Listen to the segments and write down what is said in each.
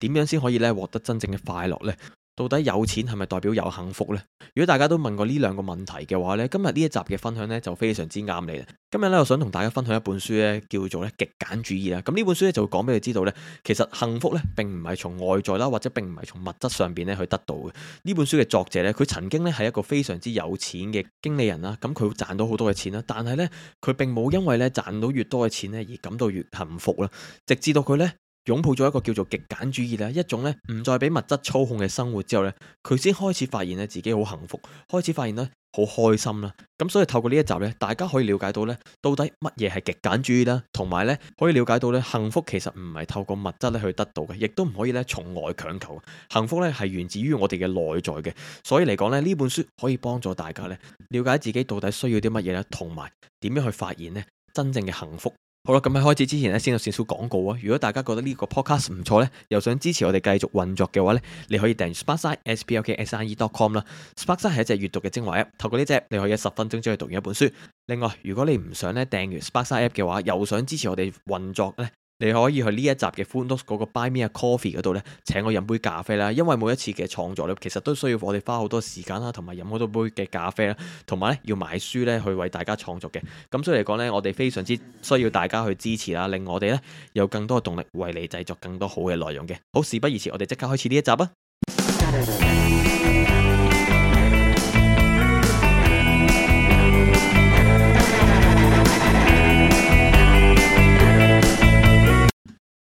點樣先可以咧獲得真正嘅快樂呢？到底有錢係咪代表有幸福呢？如果大家都問過呢兩個問題嘅話咧，今日呢一集嘅分享呢就非常之啱你啦。今日呢，我想同大家分享一本書咧，叫做咧極簡主義啊。咁呢本書呢，就會講俾你知道呢，其實幸福呢並唔係從外在啦，或者並唔係從物質上邊呢去得到嘅。呢本書嘅作者呢，佢曾經咧係一個非常之有錢嘅經理人啦，咁佢會賺到好多嘅錢啦，但係呢，佢並冇因為咧賺到越多嘅錢呢而感到越幸福啦，直至到佢呢。擁抱咗一個叫做極簡主義咧，一種咧唔再俾物質操控嘅生活之後咧，佢先開始發現咧自己好幸福，開始發現咧好開心啦。咁所以透過呢一集咧，大家可以了解到咧到底乜嘢係極簡主義啦，同埋咧可以了解到咧幸福其實唔係透過物質咧去得到嘅，亦都唔可以咧從外強求。幸福咧係源自於我哋嘅內在嘅。所以嚟講咧，呢本書可以幫助大家咧了解自己到底需要啲乜嘢啦，同埋點樣去發現咧真正嘅幸福。好啦，咁喺開始之前呢，先有少少廣告啊！如果大家覺得呢個 podcast 唔錯呢，又想支持我哋繼續運作嘅話呢，你可以訂 s p a r k s i e s p l k s i e dot com 啦。s p a r k s i 係一隻閱讀嘅精華 app，透過呢隻你可以一十分鐘之內讀完一本書。另外，如果你唔想呢訂閱 s p a r k s i app 嘅話，又想支持我哋運作呢。你可以去呢一集嘅 Funos 嗰個 Buy Me a Coffee 嗰度呢，請我飲杯咖啡啦，因為每一次嘅創作呢，其實都需要我哋花好多時間啦，同埋飲好多杯嘅咖啡啦，同埋呢要買書呢去為大家創作嘅。咁所以嚟講呢，我哋非常之需要大家去支持啦，令我哋呢有更多嘅動力為你製作更多好嘅內容嘅。好，事不宜遲，我哋即刻開始呢一集啊！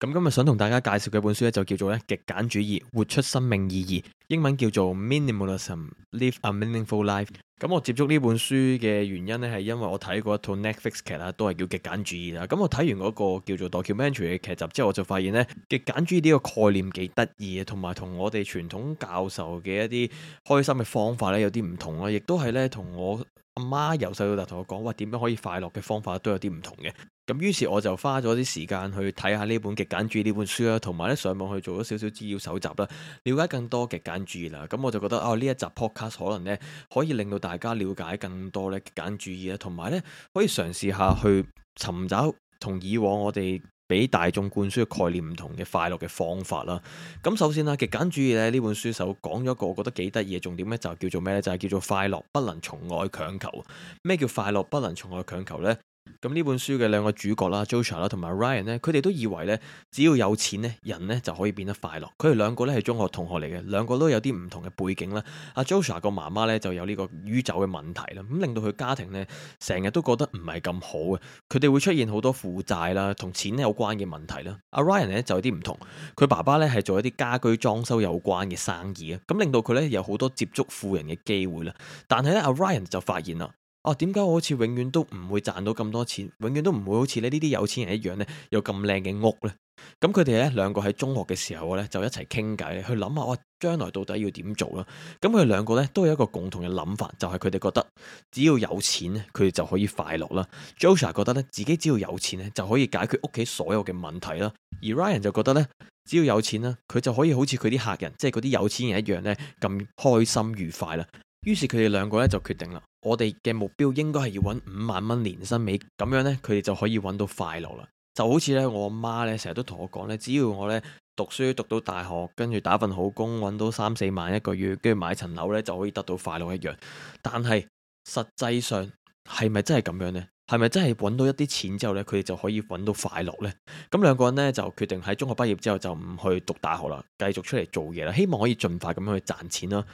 咁今日想同大家介紹嘅一本書咧，就叫做咧極簡主義，活出生命意義，英文叫做 Minimalism: Live a Meaningful Life。咁我接觸呢本書嘅原因呢，係因為我睇過一套 Netflix 劇啦，都係叫極簡主義啦。咁我睇完嗰個叫做 Documentary 嘅劇集之後，我就發現呢極簡主義呢個概念幾得意啊，同埋同我哋傳統教授嘅一啲開心嘅方法呢有啲唔同咯，亦都係呢，同我阿媽由細到大同我講，喂，點樣可以快樂嘅方法都有啲唔同嘅。咁於是我就花咗啲時間去睇下呢本極簡主義呢本書啦，同埋呢上網去做咗少少資料搜集啦，了解更多極簡主義啦。咁我就覺得哦，呢一集 Podcast 可能呢，可以令到。大家了解更多咧極簡主義咧，同埋咧可以嘗試下去尋找同以往我哋俾大眾灌輸嘅概念唔同嘅快樂嘅方法啦。咁首先啦，極簡主義咧呢本書首講咗個我覺得幾得意嘅重點咧，就叫做咩咧？就係叫做快樂不能從外強求。咩叫快樂不能從外強求咧？咁呢本書嘅兩個主角啦，Joshua 同埋 Ryan 咧，佢哋都以為咧，只要有錢咧，人咧就可以變得快樂。佢哋兩個咧係中學同學嚟嘅，兩個都有啲唔同嘅背景啦。阿 Joshua 個媽媽咧就有呢個酗酒嘅問題啦，咁令到佢家庭咧成日都覺得唔係咁好嘅。佢哋會出現好多負債啦，同錢有關嘅問題啦。阿 Ryan 咧就有啲唔同，佢爸爸咧係做一啲家居裝修有關嘅生意啊，咁令到佢咧有好多接觸富人嘅機會啦。但係咧，阿 Ryan 就發現啦。哦，點解、啊、我好似永遠都唔會賺到咁多錢，永遠都唔會好似咧呢啲有錢人一樣咧，有咁靚嘅屋呢？咁佢哋咧兩個喺中學嘅時候呢就一齊傾偈去諗下我、啊、將來到底要點做啦？咁佢哋兩個呢，都有一個共同嘅諗法，就係佢哋覺得只要有錢咧，佢哋就可以快樂啦。Joshua 覺得呢，自己只要有錢咧就可以解決屋企所有嘅問題啦，而 Ryan 就覺得呢，只要有錢啦，佢就可以好似佢啲客人，即係嗰啲有錢人一樣呢，咁開心愉快啦。於是佢哋兩個咧就決定啦，我哋嘅目標應該係要揾五萬蚊年薪，咁樣呢，佢哋就可以揾到快樂啦。就好似咧我阿媽咧成日都同我講呢，只要我呢讀書讀到大學，跟住打份好工，揾到三四萬一個月，跟住買層樓呢，就可以得到快樂一樣。但係實際上係咪真係咁樣呢？係咪真係揾到一啲錢之後呢，佢哋就可以揾到快樂呢？咁兩個人呢，就決定喺中學畢業之後就唔去讀大學啦，繼續出嚟做嘢啦，希望可以盡快咁樣去賺錢啦。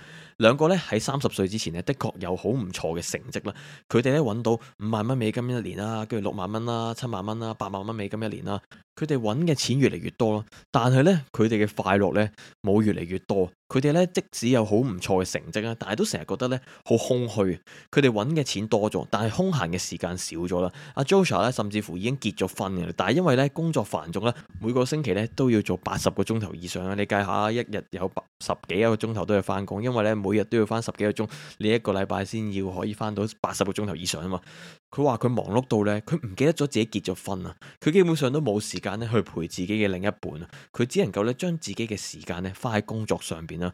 兩個咧喺三十歲之前咧，的確有好唔錯嘅成績啦。佢哋揾到五萬蚊美金一年啦，跟住六萬蚊啦、七萬蚊啦、八萬蚊美金一年啦。佢哋揾嘅錢越嚟越多咯，但係呢，佢哋嘅快樂咧冇越嚟越多。佢哋咧即使有好唔錯嘅成績啦，但係都成日覺得咧好空虛。佢哋揾嘅錢多咗，但係空閒嘅時間少咗啦。阿 Joshua 咧甚至乎已經結咗婚嘅，但係因為咧工作繁重咧，每個星期咧都要做八十個鐘頭以上啦。你計下一日有十幾個鐘頭都要翻工，因為咧每每日都要返十幾個鐘，你一個禮拜先要可以返到八十個鐘頭以上啊嘛！佢話佢忙碌到呢，佢唔記得咗自己結咗婚啊！佢基本上都冇時間呢去陪自己嘅另一半啊！佢只能夠呢將自己嘅時間呢花喺工作上邊啦。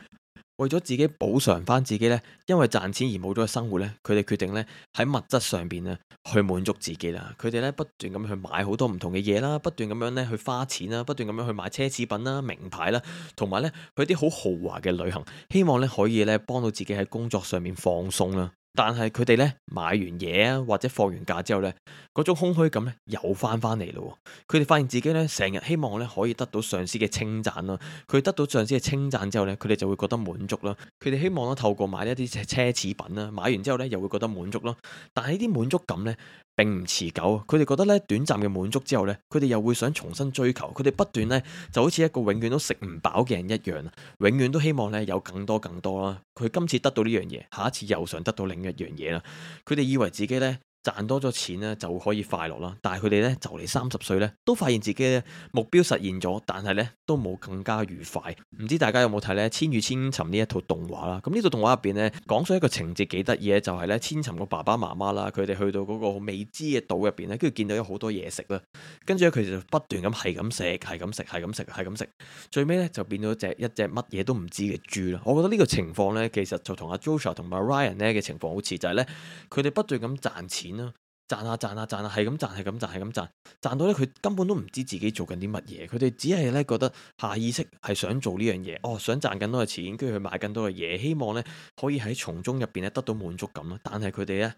為咗自己補償翻自己呢，因為賺錢而冇咗生活呢，佢哋決定呢喺物質上邊啊去滿足自己啦。佢哋呢不斷咁去買好多唔同嘅嘢啦，不斷咁樣呢去花錢啦，不斷咁樣去買奢侈品啦、名牌啦，同埋呢去啲好豪華嘅旅行，希望呢可以呢幫到自己喺工作上面放鬆啦。但係佢哋呢買完嘢啊，或者放完假之後呢，嗰種空虛感呢又翻翻嚟啦。佢哋發現自己呢成日希望呢可以得到上司嘅稱讚啦。佢得到上司嘅稱讚之後呢，佢哋就會覺得滿足啦。佢哋希望呢透過買一啲奢侈品啦，買完之後呢又會覺得滿足啦。但係呢啲滿足感呢，並唔持久，佢哋覺得咧短暫嘅滿足之後咧，佢哋又會想重新追求，佢哋不斷咧就好似一個永遠都食唔飽嘅人一樣，永遠都希望咧有更多更多啦。佢今次得到呢樣嘢，下一次又想得到另一樣嘢啦。佢哋以為自己咧。賺多咗錢咧就可以快樂啦，但係佢哋咧就嚟三十歲咧都發現自己咧目標實現咗，但係咧都冇更加愉快。唔知大家有冇睇咧《千與千尋》呢一套動畫啦？咁呢套動畫入邊咧講咗一個情節幾得意嘅就係咧千尋個爸爸媽媽啦，佢哋去到嗰個未知嘅島入邊咧，跟住見到有好多嘢食啦，跟住咧佢哋就不斷咁係咁食，係咁食，係咁食，係咁食，最尾咧就變到隻一隻乜嘢都唔知嘅豬啦。我覺得呢個情況咧，其實就同阿 Joshua 同埋 Ryan 咧嘅情況好似，就係咧佢哋不斷咁賺錢。咯，賺啊，賺啊，賺啊，係咁賺，係咁賺，係咁賺，賺到咧佢根本都唔知自己做緊啲乜嘢，佢哋只係咧覺得下意識係想做呢樣嘢，哦，想賺更多嘅錢，跟住去買更多嘅嘢，希望咧可以喺從中入邊咧得到滿足感啦。但係佢哋咧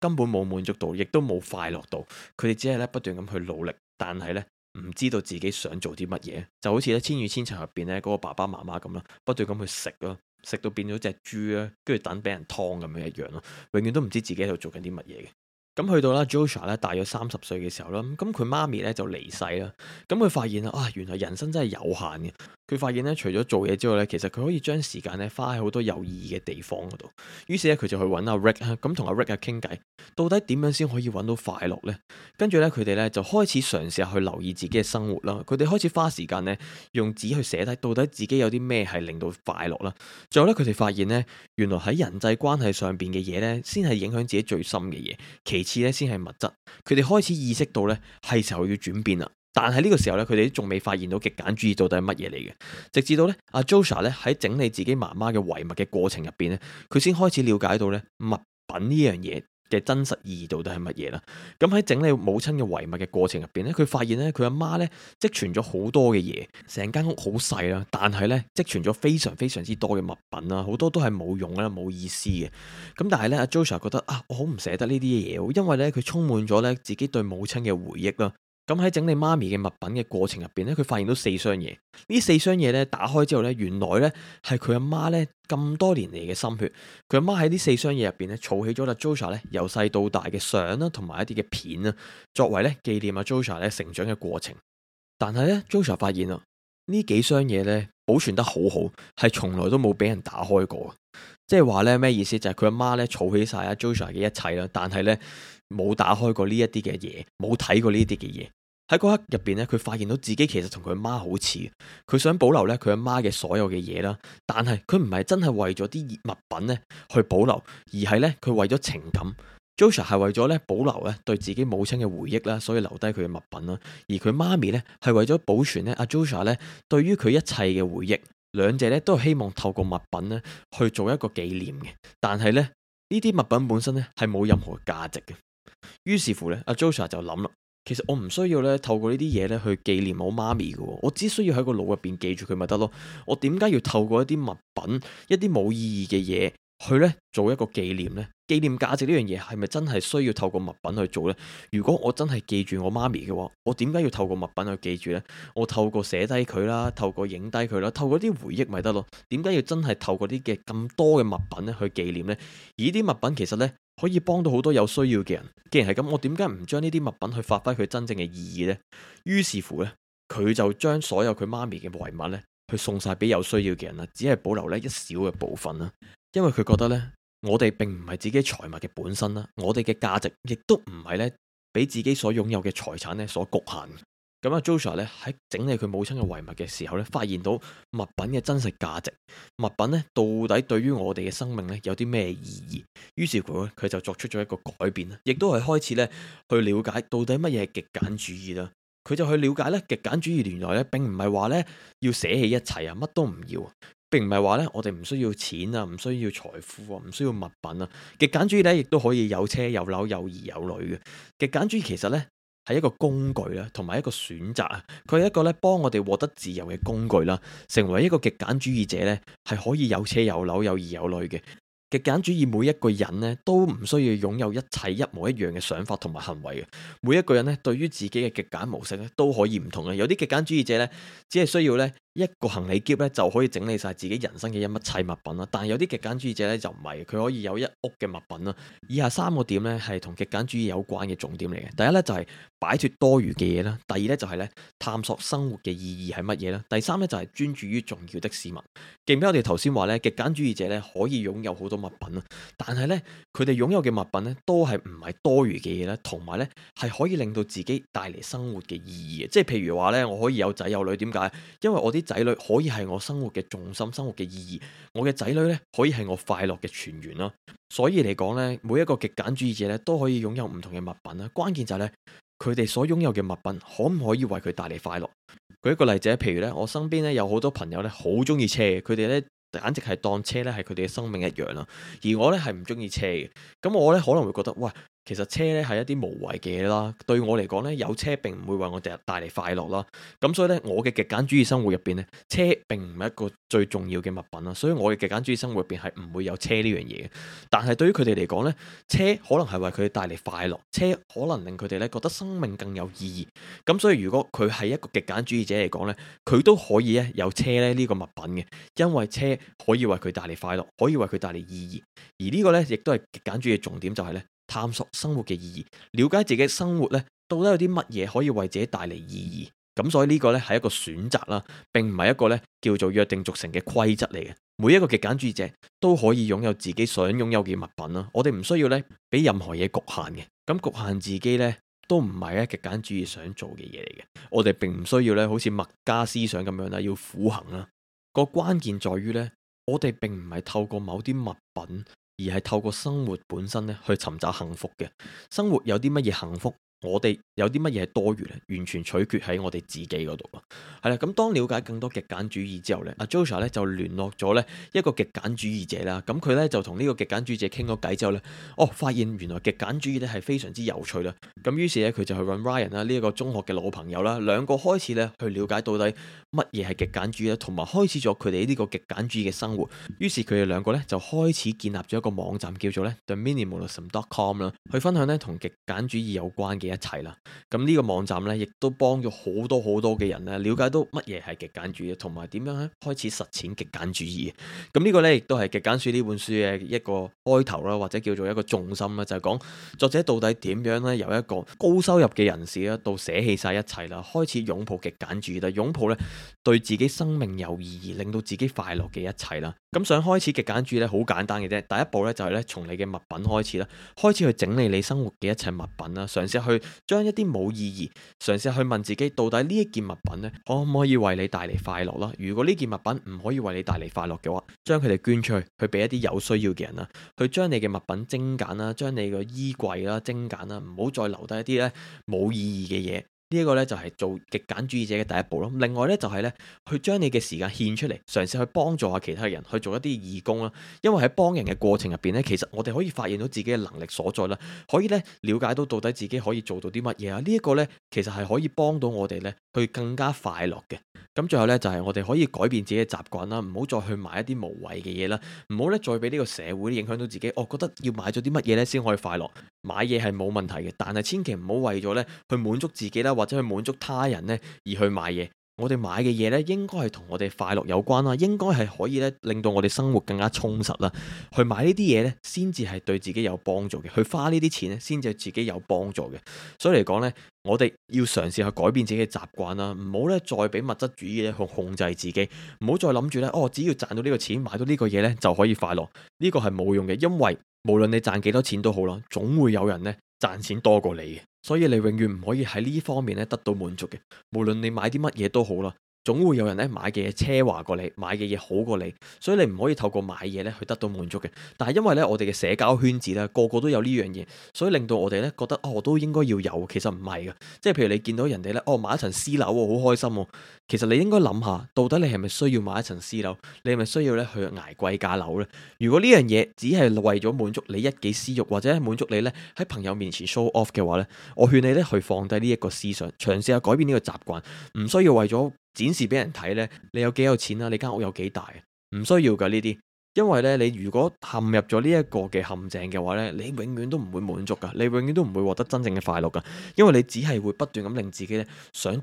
根本冇滿足到，亦都冇快樂到。佢哋只係咧不斷咁去努力，但係咧唔知道自己想做啲乜嘢，就好似咧千與千尋入邊咧嗰個爸爸媽媽咁啦，不斷咁去食咯，食到變咗隻豬啦，跟住等俾人劏咁樣一樣咯，永遠都唔知自己喺度做緊啲乜嘢嘅。咁去到啦，Joshua 咧大約三十歲嘅時候啦，咁佢媽咪咧就離世啦。咁佢發現啊，原來人生真係有限嘅。佢發現咧，除咗做嘢之外咧，其實佢可以將時間咧花喺好多有意義嘅地方嗰度。於是咧，佢就去揾阿 Rick 啊，咁同阿 Rick 啊傾偈，到底點樣先可以揾到快樂呢？跟住咧，佢哋咧就開始嘗試去留意自己嘅生活啦。佢哋開始花時間咧，用紙去寫低到底自己有啲咩係令到快樂啦。最後咧，佢哋發現咧，原來喺人際關係上邊嘅嘢咧，先係影響自己最深嘅嘢。其次咧先係物質，佢哋開始意識到咧，係時候要轉變啦。但係呢個時候咧，佢哋仲未發現到極簡主義到底係乜嘢嚟嘅。直至到咧阿 Josh 咧喺整理自己媽媽嘅遺物嘅過程入邊咧，佢先開始了解到咧物品呢樣嘢。嘅真實意義到底係乜嘢啦？咁喺整理母親嘅遺物嘅過程入邊咧，佢發現咧佢阿媽咧積存咗好多嘅嘢，成間屋好細啦，但係咧積存咗非常非常之多嘅物品啦，好多都係冇用啦、冇意思嘅。咁但係咧，阿 Joshua 覺得啊，我好唔捨得呢啲嘢，因為咧佢充滿咗咧自己對母親嘅回憶啦。咁喺整理媽咪嘅物品嘅過程入邊咧，佢發現到四箱嘢。呢四箱嘢咧，打開之後咧，原來咧係佢阿媽咧咁多年嚟嘅心血。佢阿媽喺呢四箱嘢入邊咧，儲起咗阿 Joshua 咧由細到大嘅相啦，同埋一啲嘅片啦，作為咧紀念阿 Joshua 咧成長嘅過程。但係咧，Joshua 發現啊，呢幾箱嘢咧保存得好好，係從來都冇俾人打開過。即係話咧咩意思？就係佢阿媽咧儲起晒阿 Joshua 嘅一切啦，但係咧。冇打開過呢一啲嘅嘢，冇睇過呢啲嘅嘢。喺嗰刻入邊咧，佢發現到自己其實同佢媽好似。佢想保留咧佢阿媽嘅所有嘅嘢啦，但係佢唔係真係為咗啲物品咧去保留，而係咧佢為咗情感。Joshua 係為咗咧保留咧對自己母親嘅回憶啦，所以留低佢嘅物品啦。而佢媽咪咧係為咗保存咧阿 Joshua 咧對於佢一切嘅回憶，兩者咧都希望透過物品咧去做一個紀念嘅。但係咧呢啲物品本身咧係冇任何價值嘅。於是乎咧，阿 Joanna 就諗啦，其實我唔需要咧，透過呢啲嘢咧去紀念我媽咪嘅，我只需要喺個腦入邊記住佢咪得咯。我點解要透過一啲物品、一啲冇意義嘅嘢去咧做一個紀念呢？紀念價值呢樣嘢係咪真係需要透過物品去做呢？如果我真係記住我媽咪嘅話，我點解要透過物品去記住呢？我透過寫低佢啦，透過影低佢啦，透過啲回憶咪得咯。點解要真係透過啲嘅咁多嘅物品咧去紀念呢？而啲物品其實呢……可以幫到好多有需要嘅人，既然係咁，我點解唔將呢啲物品去發揮佢真正嘅意義呢？於是乎呢，佢就將所有佢媽咪嘅遺物呢去送晒俾有需要嘅人啦，只係保留呢一小嘅部分啦，因為佢覺得呢，我哋並唔係自己財物嘅本身啦，我哋嘅價值亦都唔係呢，俾自己所擁有嘅財產呢所局限。咁阿 Zoey 咧，喺整理佢母親嘅遺物嘅時候咧，發現到物品嘅真實價值，物品咧到底對於我哋嘅生命咧有啲咩意義？於是佢，佢就作出咗一個改變啦，亦都係開始咧去了解到底乜嘢係極簡主義啦。佢就去了解咧，極簡主義原來咧，並唔係話咧要捨棄一切啊，乜都唔要，並唔係話咧我哋唔需要錢啊，唔需要財富啊，唔需要物品啊。極簡主義咧，亦都可以有車有樓有兒有女嘅。極簡主義其實咧。係一個工具啦，同埋一個選擇啊。佢係一個咧幫我哋獲得自由嘅工具啦。成為一個極簡主義者咧，係可以有車有樓有兒有女嘅。極簡主義每一個人咧都唔需要擁有一切一模一樣嘅想法同埋行為嘅。每一個人咧對於自己嘅極簡模式咧都可以唔同嘅。有啲極簡主義者咧只係需要咧。一個行李篋咧就可以整理晒自己人生嘅一乜切物品啦。但係有啲極簡主義者咧就唔係，佢可以有一屋嘅物品啦。以下三個點咧係同極簡主義有關嘅重點嚟嘅。第一咧就係擺脫多餘嘅嘢啦。第二咧就係咧探索生活嘅意義係乜嘢啦。第三咧就係專注於重要的事物。記唔記得我哋頭先話咧，極簡主義者咧可以擁有好多物品啦，但係咧佢哋擁有嘅物品咧都係唔係多餘嘅嘢啦，同埋咧係可以令到自己帶嚟生活嘅意義嘅。即係譬如話咧，我可以有仔有女，點解？因為我啲仔女可以係我生活嘅重心，生活嘅意義，我嘅仔女咧可以係我快樂嘅泉源啦。所以嚟講呢，每一個極簡主義者咧都可以擁有唔同嘅物品啦。關鍵就係呢，佢哋所擁有嘅物品可唔可以為佢帶嚟快樂？舉一個例子，譬如呢，我身邊咧有好多朋友呢，好中意車，佢哋呢，簡直係當車咧係佢哋嘅生命一樣啦。而我呢，係唔中意車嘅，咁我呢，可能會覺得，喂。其實車咧係一啲無謂嘅嘢啦，對我嚟講咧，有車並唔會為我哋帶嚟快樂啦。咁所以咧，我嘅極簡主義生活入邊咧，車並唔係一個最重要嘅物品啦。所以我嘅極簡主義生活入邊係唔會有車呢樣嘢。但係對於佢哋嚟講咧，車可能係為佢哋帶嚟快樂，車可能令佢哋咧覺得生命更有意義。咁所以如果佢係一個極簡主義者嚟講咧，佢都可以咧有車咧呢個物品嘅，因為車可以為佢帶嚟快樂，可以為佢帶嚟意義。而呢個咧亦都係極簡主義重點，就是，就係咧。探索生活嘅意義，了解自己生活呢到底有啲乜嘢可以為自己帶嚟意義。咁所以呢個呢係一個選擇啦，並唔係一個呢叫做約定俗成嘅規則嚟嘅。每一個極簡主義者都可以擁有自己想擁有嘅物品啦。我哋唔需要呢俾任何嘢局限嘅。咁局限自己呢都唔係呢極簡主義想做嘅嘢嚟嘅。我哋並唔需要呢好似墨家思想咁樣啦，要苦行啦。個關鍵在於呢，我哋並唔係透過某啲物品。而係透過生活本身咧去尋找幸福嘅生活，有啲乜嘢幸福？我哋有啲乜嘢係多餘咧？完全取決喺我哋自己嗰度咯。係啦，咁當了解更多極簡主義之後咧，阿 Joshua 咧就聯絡咗咧一個極簡主義者啦。咁佢咧就同呢個極簡主義者傾咗偈之後咧，哦，發現原來極簡主義咧係非常之有趣啦。咁於是咧佢就去揾 Ryan 啦，呢一個中學嘅老朋友啦，兩個開始咧去了解到底乜嘢係極簡主義啦，同埋開始咗佢哋呢個極簡主義嘅生活。於是佢哋兩個咧就開始建立咗一個網站叫做咧 TheMinimalism.com 啦，去分享咧同極簡主義有關嘅，一齊啦，咁呢個網站呢，亦都幫咗好多好多嘅人呢，了解到乜嘢係極簡主義，同埋點樣呢開始實踐極簡主義。咁呢個呢，亦都係《極簡書》呢本書嘅一個開頭啦，或者叫做一個重心啦，就係講作者到底點樣呢？由一個高收入嘅人士啦，到捨棄晒一切啦，開始擁抱極簡主義，擁抱呢，對自己生命有意義、令到自己快樂嘅一切啦。咁想開始極簡主義呢，好簡單嘅啫，第一步呢，就係呢，從你嘅物品開始啦，開始去整理你生活嘅一切物品啦，嘗試去。將一啲冇意義，嘗試去問自己，到底呢一件物品咧，可唔可以為你帶嚟快樂啦？如果呢件物品唔可以為你帶嚟快樂嘅話，將佢哋捐出去，去俾一啲有需要嘅人啦。去將你嘅物品精簡啦，將你個衣櫃啦精簡啦，唔好再留低一啲咧冇意義嘅嘢。呢一個咧就係做極簡主義者嘅第一步咯。另外呢，就係呢，去將你嘅時間獻出嚟，嘗試去幫助下其他人去做一啲義工啦。因為喺幫人嘅過程入邊呢，其實我哋可以發現到自己嘅能力所在啦，可以呢，了解到到底自己可以做到啲乜嘢啊。呢一個呢，其實係可以幫到我哋呢，去更加快樂嘅。咁最後呢，就係我哋可以改變自己嘅習慣啦，唔好再去買一啲無謂嘅嘢啦，唔好呢，再俾呢個社會影響到自己。我覺得要買咗啲乜嘢呢，先可以快樂，買嘢係冇問題嘅，但係千祈唔好為咗呢，去滿足自己啦或者去滿足他人呢而去買嘢。我哋買嘅嘢呢應該係同我哋快樂有關啦。應該係可以咧，令到我哋生活更加充實啦。去買呢啲嘢呢，先至係對自己有幫助嘅。去花呢啲錢呢，先至係自己有幫助嘅。所以嚟講呢，我哋要嘗試去改變自己嘅習慣啦，唔好呢，再俾物質主義咧去控制自己，唔好再諗住呢，哦，只要賺到呢個錢，買到呢個嘢呢，就可以快樂。呢個係冇用嘅，因為無論你賺幾多錢都好啦，總會有人呢，賺錢多過你嘅。所以你永遠唔可以喺呢方面咧得到滿足嘅，無論你買啲乜嘢都好啦。總會有人咧買嘅嘢奢華過你，買嘅嘢好過你，所以你唔可以透過買嘢咧去得到滿足嘅。但係因為咧我哋嘅社交圈子咧個個都有呢樣嘢，所以令到我哋咧覺得哦都應該要有，其實唔係嘅。即係譬如你見到人哋咧哦買一層私樓，好開心哦。其實你應該諗下，到底你係咪需要買一層私樓？你係咪需要咧去捱貴價樓咧？如果呢樣嘢只係為咗滿足你一己私欲，或者滿足你咧喺朋友面前 show off 嘅話咧，我勸你咧去放低呢一個思想，嘗試下改變呢個習慣，唔需要為咗展示俾人睇呢，你有幾有錢啊？你間屋有幾大？唔需要噶呢啲，因為呢，你如果陷入咗呢一個嘅陷阱嘅話呢，你永遠都唔會滿足噶，你永遠都唔會獲得真正嘅快樂噶，因為你只係會不斷咁令自己呢，想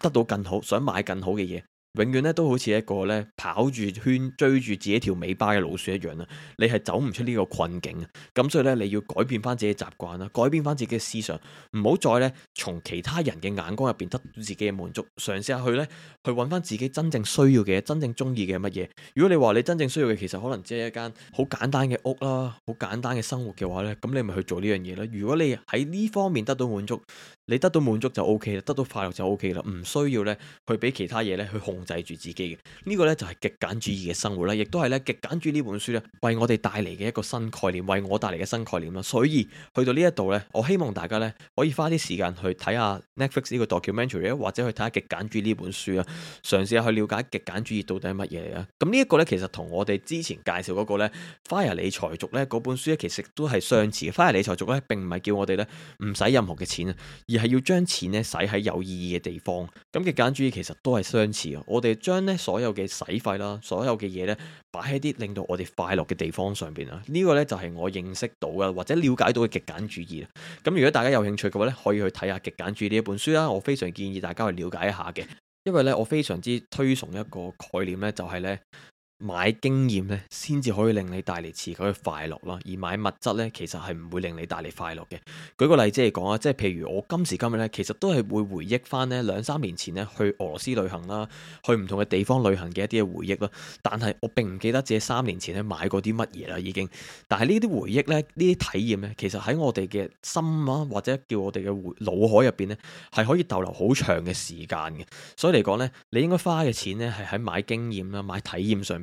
得到更好，想買更好嘅嘢。永遠咧都好似一個咧跑住圈追住自己條尾巴嘅老鼠一樣啦，你係走唔出呢個困境啊！咁所以咧，你要改變翻自己嘅習慣啦，改變翻自己嘅思想，唔好再咧從其他人嘅眼光入邊得到自己嘅滿足。嘗試下去咧，去揾翻自己真正需要嘅、真正中意嘅乜嘢。如果你話你真正需要嘅其實可能只係一間好簡單嘅屋啦，好簡單嘅生活嘅話咧，咁你咪去做呢樣嘢啦。如果你喺呢方面得到滿足，你得到滿足就 OK 啦，得到快樂就 OK 啦，唔需要呢去俾其他嘢呢去控制住自己嘅。呢個呢就係極簡主義嘅生活啦，亦都係呢極簡主義呢本書呢為我哋帶嚟嘅一個新概念，為我帶嚟嘅新概念啦。所以去到呢一度呢，我希望大家呢可以花啲時間去睇下 Netflix 呢個 documentary 或者去睇下極簡主義呢本書啊，嘗試下去了解極簡主義到底係乜嘢嚟啊。咁呢一個呢，其實同我哋之前介紹嗰個呢 fire 理財族呢，嗰本書呢其實都係相似嘅。fire 理財族呢並唔係叫我哋呢唔使任何嘅錢啊，而係要將錢咧使喺有意義嘅地方，咁極簡主義其實都係相似啊！我哋將咧所有嘅使費啦，所有嘅嘢咧擺喺啲令到我哋快樂嘅地方上邊啊！呢、呢個咧就係我認識到嘅或者了解到嘅極簡主義啦。咁如果大家有興趣嘅話咧，可以去睇下極簡主義呢一本書啦。我非常建議大家去了解一下嘅，因為咧我非常之推崇一個概念咧、就係，就係咧。買經驗咧，先至可以令你帶嚟持久嘅快樂啦。而買物質咧，其實係唔會令你帶嚟快樂嘅。舉個例子嚟講啊，即係譬如我今時今日咧，其實都係會回憶翻咧兩三年前咧去俄羅斯旅行啦，去唔同嘅地方旅行嘅一啲嘅回憶啦。但係我並唔記得自己三年前咧買過啲乜嘢啦，已經。但係呢啲回憶咧，呢啲體驗咧，其實喺我哋嘅心啊，或者叫我哋嘅腦海入邊咧，係可以逗留好長嘅時間嘅。所以嚟講咧，你應該花嘅錢咧係喺買經驗啦，買體驗上。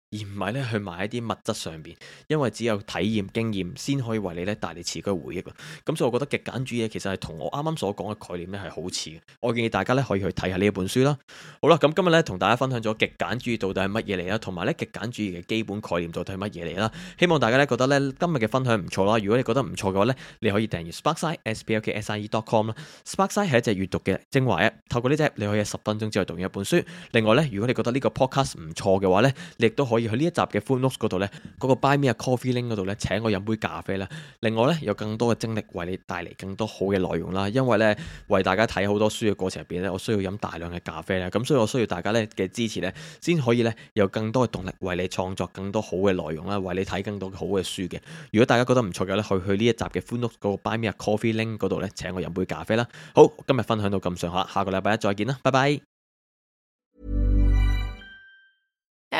而唔係咧去買一啲物質上邊，因為只有體驗經驗先可以為你咧帶嚟持久嘅回憶啦。咁所以我覺得極簡主義其實係同我啱啱所講嘅概念咧係好似嘅。我建議大家咧可以去睇下呢一本書啦。好啦，咁今日咧同大家分享咗極簡主義到底係乜嘢嚟啦，同埋咧極簡主義嘅基本概念到底係乜嘢嚟啦。希望大家咧覺得咧今日嘅分享唔錯啦。如果你覺得唔錯嘅話咧，你可以訂閱 s p a r k s i e s p l k s i e c o m 啦。s p a r k s i e 係一隻閱讀嘅精華啊，透過呢隻你可以十分鐘之後讀完一本書。另外咧，如果你覺得呢個 podcast 唔錯嘅話咧，你亦都可以。去呢一集嘅 Full Notes 嗰度呢，嗰、嗰個 Buy Me a Coffee Link 嗰度呢，請我飲杯咖啡啦。另外呢，有更多嘅精力為你帶嚟更多好嘅內容啦。因為呢，為大家睇好多書嘅過程入邊呢，我需要飲大量嘅咖啡啦，咁所以我需要大家呢嘅支持呢，先可以呢，有更多嘅動力為你創作更多好嘅內容啦，為你睇更多好嘅書嘅。如果大家覺得唔錯嘅呢，去去呢一集嘅 Full Notes 嗰個 Buy Me a Coffee Link 嗰度呢，請我飲杯咖啡啦。好，今日分享到咁上下，下個禮拜一再見啦，拜拜。